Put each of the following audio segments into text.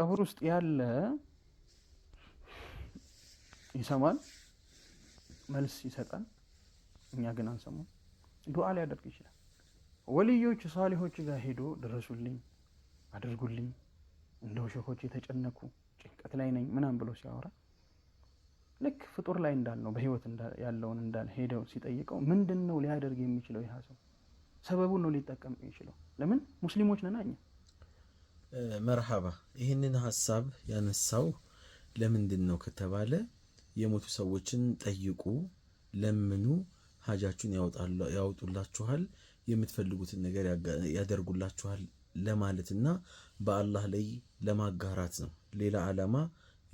ቀብር ውስጥ ያለ ይሰማል፣ መልስ ይሰጣል። እኛ ግን አንሰማም። ዱዓ ሊያደርግ ይችላል። ወልዮች ሳሊሆች ጋር ሄዶ ድረሱልኝ፣ አድርጉልኝ፣ እንደው ሸሆች የተጨነኩ ጭንቀት ላይ ነኝ ምናም ብሎ ሲያወራ ልክ ፍጡር ላይ እንዳልነው በህይወት ያለውን እንዳል ሄደው ሲጠይቀው ምንድን ነው ሊያደርግ የሚችለው? ይህ ሰው ሰበቡን ነው ሊጠቀም የሚችለው። ለምን ሙስሊሞች ነና እኛ መርሃባ ይህንን ሀሳብ ያነሳው ለምንድን ነው ከተባለ የሞቱ ሰዎችን ጠይቁ፣ ለምኑ፣ ሀጃችሁን ያውጡላችኋል፣ የምትፈልጉትን ነገር ያደርጉላችኋል ለማለትና በአላህ ላይ ለማጋራት ነው። ሌላ ዓላማ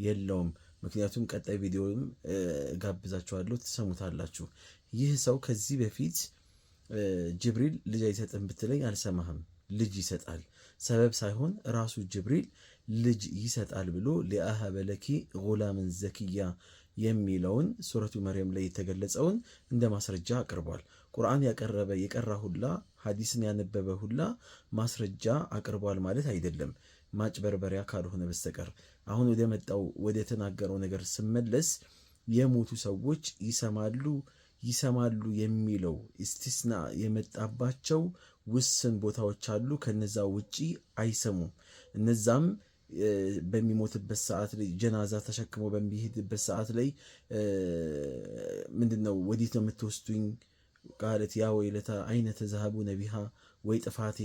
የለውም። ምክንያቱም ቀጣይ ቪዲዮም ጋብዛችኋለሁ ትሰሙታላችሁ። ይህ ሰው ከዚህ በፊት ጅብሪል ልጅ አይሰጥም ብትለኝ አልሰማህም፣ ልጅ ይሰጣል ሰበብ ሳይሆን ራሱ ጅብሪል ልጅ ይሰጣል ብሎ ሊአሀበለኪ ጉላምን ዘኪያ የሚለውን ሱረቱ መርየም ላይ የተገለጸውን እንደ ማስረጃ አቅርቧል። ቁርአን ያቀረበ የቀራ ሁላ ሀዲስን ያነበበ ሁላ ማስረጃ አቅርቧል ማለት አይደለም ማጭበርበሪያ ካልሆነ በስተቀር። አሁን ወደ መጣው ወደ ተናገረው ነገር ስመለስ የሞቱ ሰዎች ይሰማሉ ይሰማሉ የሚለው ኢስቲስና የመጣባቸው ውስን ቦታዎች አሉ። ከነዛ ውጪ አይሰሙም። እነዛም በሚሞትበት ሰዓት ላይ ጀናዛ ተሸክሞ በሚሄድበት ሰዓት ላይ ምንድነው ወዴት ነው የምትወስዱኝ? ቃለት ያ ወይለታ አይነተ ዛሃቡ ነቢሃ ወይ ጥፋቴ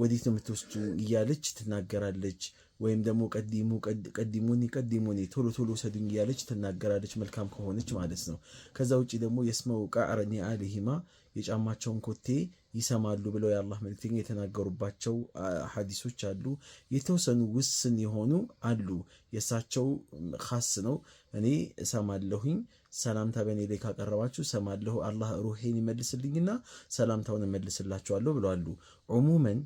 ወዴት ነው የምትወስዱ እያለች ትናገራለች። ወይም ደግሞ ቀዲሙ ቀዲሙኒ ቀዲሙኒ ቶሎ ቶሎ ሰዱኝ እያለች ትናገራለች፣ መልካም ከሆነች ማለት ነው። ከዛ ውጭ ደግሞ የስመው ቃዕር ኒአሊሂማ የጫማቸውን ኮቴ ይሰማሉ ብለው የአላህ መልክተኛ የተናገሩባቸው ሀዲሶች አሉ። የተወሰኑ ውስን የሆኑ አሉ። የእሳቸው ካስ ነው እኔ እሰማለሁኝ ሰላምታ በእኔ ላይ ካቀረባችሁ ሰማለሁ አላህ ሩሄን ይመልስልኝና ሰላምታውን እመልስላችኋለሁ ብለዋሉ። ዑሙመን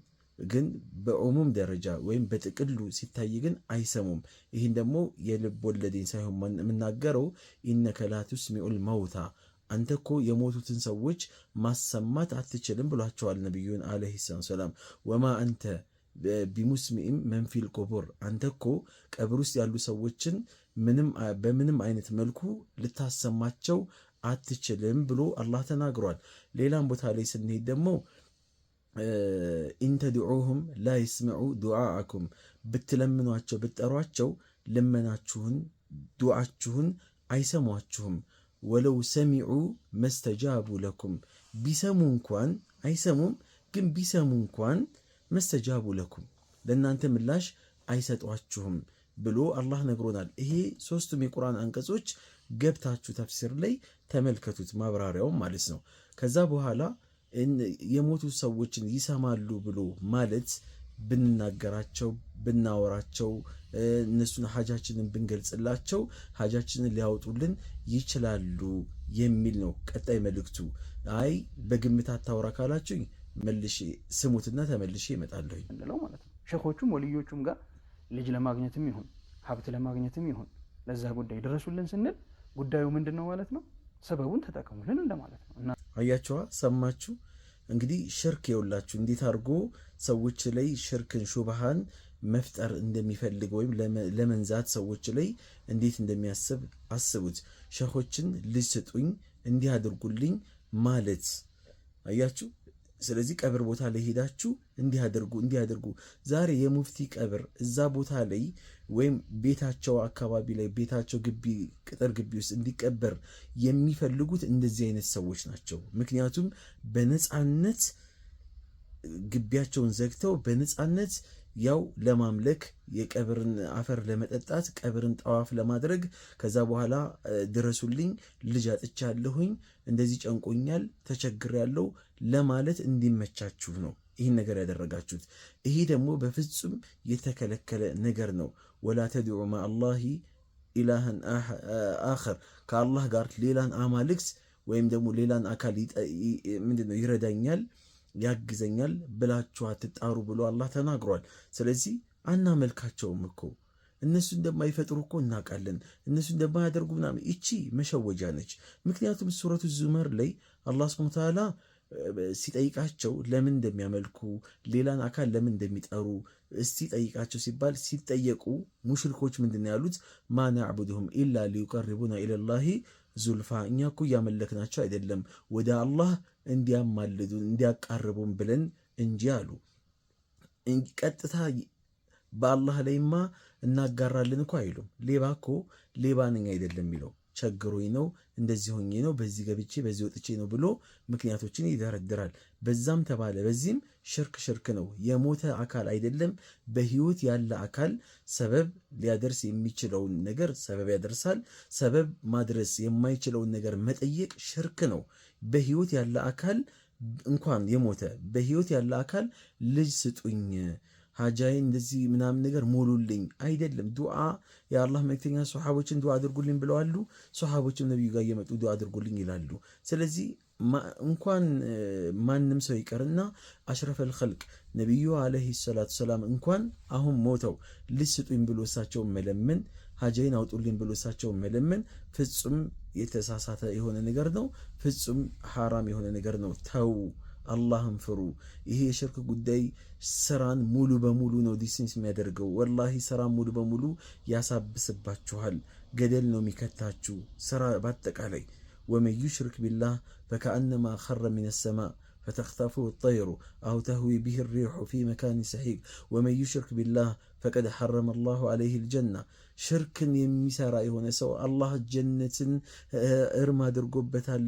ግን በዑሙም ደረጃ ወይም በጥቅሉ ሲታይ ግን አይሰሙም። ይህን ደግሞ የልብ ወለዴን ሳይሆን የምናገረው ኢነከ ላ መውታ አንተ እኮ የሞቱትን ሰዎች ማሰማት አትችልም ብሏቸዋል ነቢዩን አለይሂ ሰላም ወማ አንተ ቢሙስሚዕም መንፊል ቁቡር አንተ እኮ ቀብር ውስጥ ያሉ ሰዎችን ምንም በምንም አይነት መልኩ ልታሰማቸው አትችልም ብሎ አላህ ተናግሯል። ሌላም ቦታ ላይ ስንሄድ ደግሞ ኢንተድዑሁም ላ ይስምዑ ዱዓአኩም ብትለምኗቸው ብትጠሯቸው ልመናችሁን ዱዓችሁን አይሰሟችሁም። ወለው ሰሚዑ መስተጃቡ ለኩም ቢሰሙ እንኳን አይሰሙም፣ ግን ቢሰሙ እንኳን መስተጃቡ ለኩም ለእናንተ ምላሽ አይሰጧችሁም። ብሎ አላህ ነግሮናል። ይሄ ሶስቱም የቁርአን አንቀጾች ገብታችሁ ተፍሲር ላይ ተመልከቱት፣ ማብራሪያውም ማለት ነው። ከዛ በኋላ የሞቱ ሰዎችን ይሰማሉ ብሎ ማለት ብንናገራቸው፣ ብናወራቸው፣ እነሱን ሀጃችንን ብንገልጽላቸው ሀጃችንን ሊያወጡልን ይችላሉ የሚል ነው ቀጣይ መልእክቱ። አይ በግምት አታወራ ካላችሁኝ መልሼ ስሙትና ተመልሼ ይመጣለሁ። ሸኾቹም ወልዮቹም ጋር ልጅ ለማግኘትም ይሁን ሀብት ለማግኘትም ይሁን ለዛ ጉዳይ ድረሱልን ስንል ጉዳዩ ምንድን ነው ማለት ነው? ሰበቡን ተጠቅሙልን እንደማለት ነው። እና አያችኋ፣ ሰማችሁ እንግዲህ ሽርክ የውላችሁ እንዴት አድርጎ ሰዎች ላይ ሽርክን ሹብሃን መፍጠር እንደሚፈልግ ወይም ለመንዛት ሰዎች ላይ እንዴት እንደሚያስብ አስቡት። ሸኾችን ልጅ ስጡኝ እንዲህ አድርጉልኝ ማለት አያችሁ ስለዚህ ቀብር ቦታ ላይ ሄዳችሁ እንዲያደርጉ እንዲያደርጉ ዛሬ የሙፍቲ ቀብር እዛ ቦታ ላይ ወይም ቤታቸው አካባቢ ላይ ቤታቸው ግቢ ቅጥር ግቢ ውስጥ እንዲቀበር የሚፈልጉት እንደዚህ አይነት ሰዎች ናቸው። ምክንያቱም በነፃነት ግቢያቸውን ዘግተው በነፃነት ያው ለማምለክ የቀብርን አፈር ለመጠጣት ቀብርን ጠዋፍ ለማድረግ ከዛ በኋላ ድረሱልኝ፣ ልጅ አጥቻለሁኝ፣ እንደዚህ ጨንቆኛል፣ ተቸግሬያለሁ ለማለት እንዲመቻችሁ ነው ይህን ነገር ያደረጋችሁት። ይሄ ደግሞ በፍጹም የተከለከለ ነገር ነው። ወላ ተድዑ ማአላሂ ኢላሃን አኸር ከአላህ ጋር ሌላን አማልክት ወይም ደግሞ ሌላን አካል ምንድን ነው ይረዳኛል ያግዘኛል ብላችሁ አትጣሩ ብሎ አላህ ተናግሯል። ስለዚህ አናመልካቸውም እኮ እነሱ እንደማይፈጥሩ እኮ እናውቃለን። እነሱ እንደማያደርጉ ምናምን ይቺ መሸወጃ ነች። ምክንያቱም ሱረቱ ዙመር ላይ አላህ ስብሐ ወተዓላ ሲጠይቃቸው ለምን እንደሚያመልኩ ሌላን አካል ለምን እንደሚጠሩ እስቲ ጠይቃቸው ሲባል ሲጠየቁ ሙሽሪኮች ምንድን ያሉት ማ ናዕቡድሁም ኢላ ሊዩቀርቡና ኢለላሂ ዙልፋ እኛ እኮ እያመለክናቸው አይደለም ወደ አላህ እንዲያማልዱን እንዲያቃርቡን ብለን እንጂ አሉ። ቀጥታ በአላህ ላይማ እናጋራለን እኮ አይሉም። ሌባ እኮ ሌባ ነኝ አይደለም የሚለው ቸግሮኝ ነው፣ እንደዚህ ሆኜ ነው፣ በዚህ ገብቼ በዚህ ወጥቼ ነው ብሎ ምክንያቶችን ይደረድራል። በዛም ተባለ በዚህም ሽርክ ሽርክ ነው። የሞተ አካል አይደለም በህይወት ያለ አካል ሰበብ ሊያደርስ የሚችለውን ነገር ሰበብ ያደርሳል። ሰበብ ማድረስ የማይችለውን ነገር መጠየቅ ሽርክ ነው። በህይወት ያለ አካል እንኳን የሞተ በህይወት ያለ አካል ልጅ ስጡኝ ሀጃዬ እንደዚህ ምናምን ነገር ሞሉልኝ አይደለም። ዱዓ የአላህ መልክተኛ ሶሓቦችን ዱዓ አድርጉልኝ ብለዋሉ። ሶሓቦችም ነቢዩ ጋር እየመጡ ዱዓ አድርጉልኝ ይላሉ። ስለዚህ እንኳን ማንም ሰው ይቀርና አሽረፈል ኸልቅ ነቢዩ አለይሂ ሰላቱ ሰላም እንኳን አሁን ሞተው ልስጡኝ ብሎ እሳቸውን መለመን፣ ሀጃይን አውጡልኝ ብሎ እሳቸውን መለመን ፍጹም የተሳሳተ የሆነ ነገር ነው። ፍጹም ሐራም የሆነ ነገር ነው። ተው። አላህን ፍሩ። ይሄ የሽርክ ጉዳይ ስራን ሙሉ በሙሉ ነው ዲስሚስ የሚያደርገው። ወላሂ ስራን ሙሉ በሙሉ ያሳብስባችኋል፣ ገደል ነው የሚከታችሁ ስራ በአጠቃላይ። ወመን ዩሽርክ ቢላህ ፈከአነማ ኸረ ሚነ ሰማእ فتخطفه الطير أو تهوي به الريح في مكان سحيق ومن يشرك بالله فقد حرم الله عليه الجنة ሽርክን የሚሰራ የሆነ ሰው አላህ ጀነትን እርም አድርጎበታል።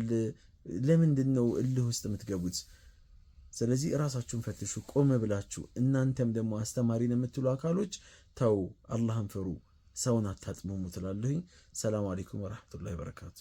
ለምንድን ነው እልህ ውስጥ የምትገቡት? ስለዚህ ራሳችሁን ፈትሹ፣ ቆም ብላችሁ እናንተም ደግሞ አስተማሪን የምትሉ አካሎች ተው፣ አላህን ፍሩ፣ ሰውን አታጥምሙ ትላለሁኝ። ሰላም አለይኩም ወረሕመቱላሂ በረካቱ።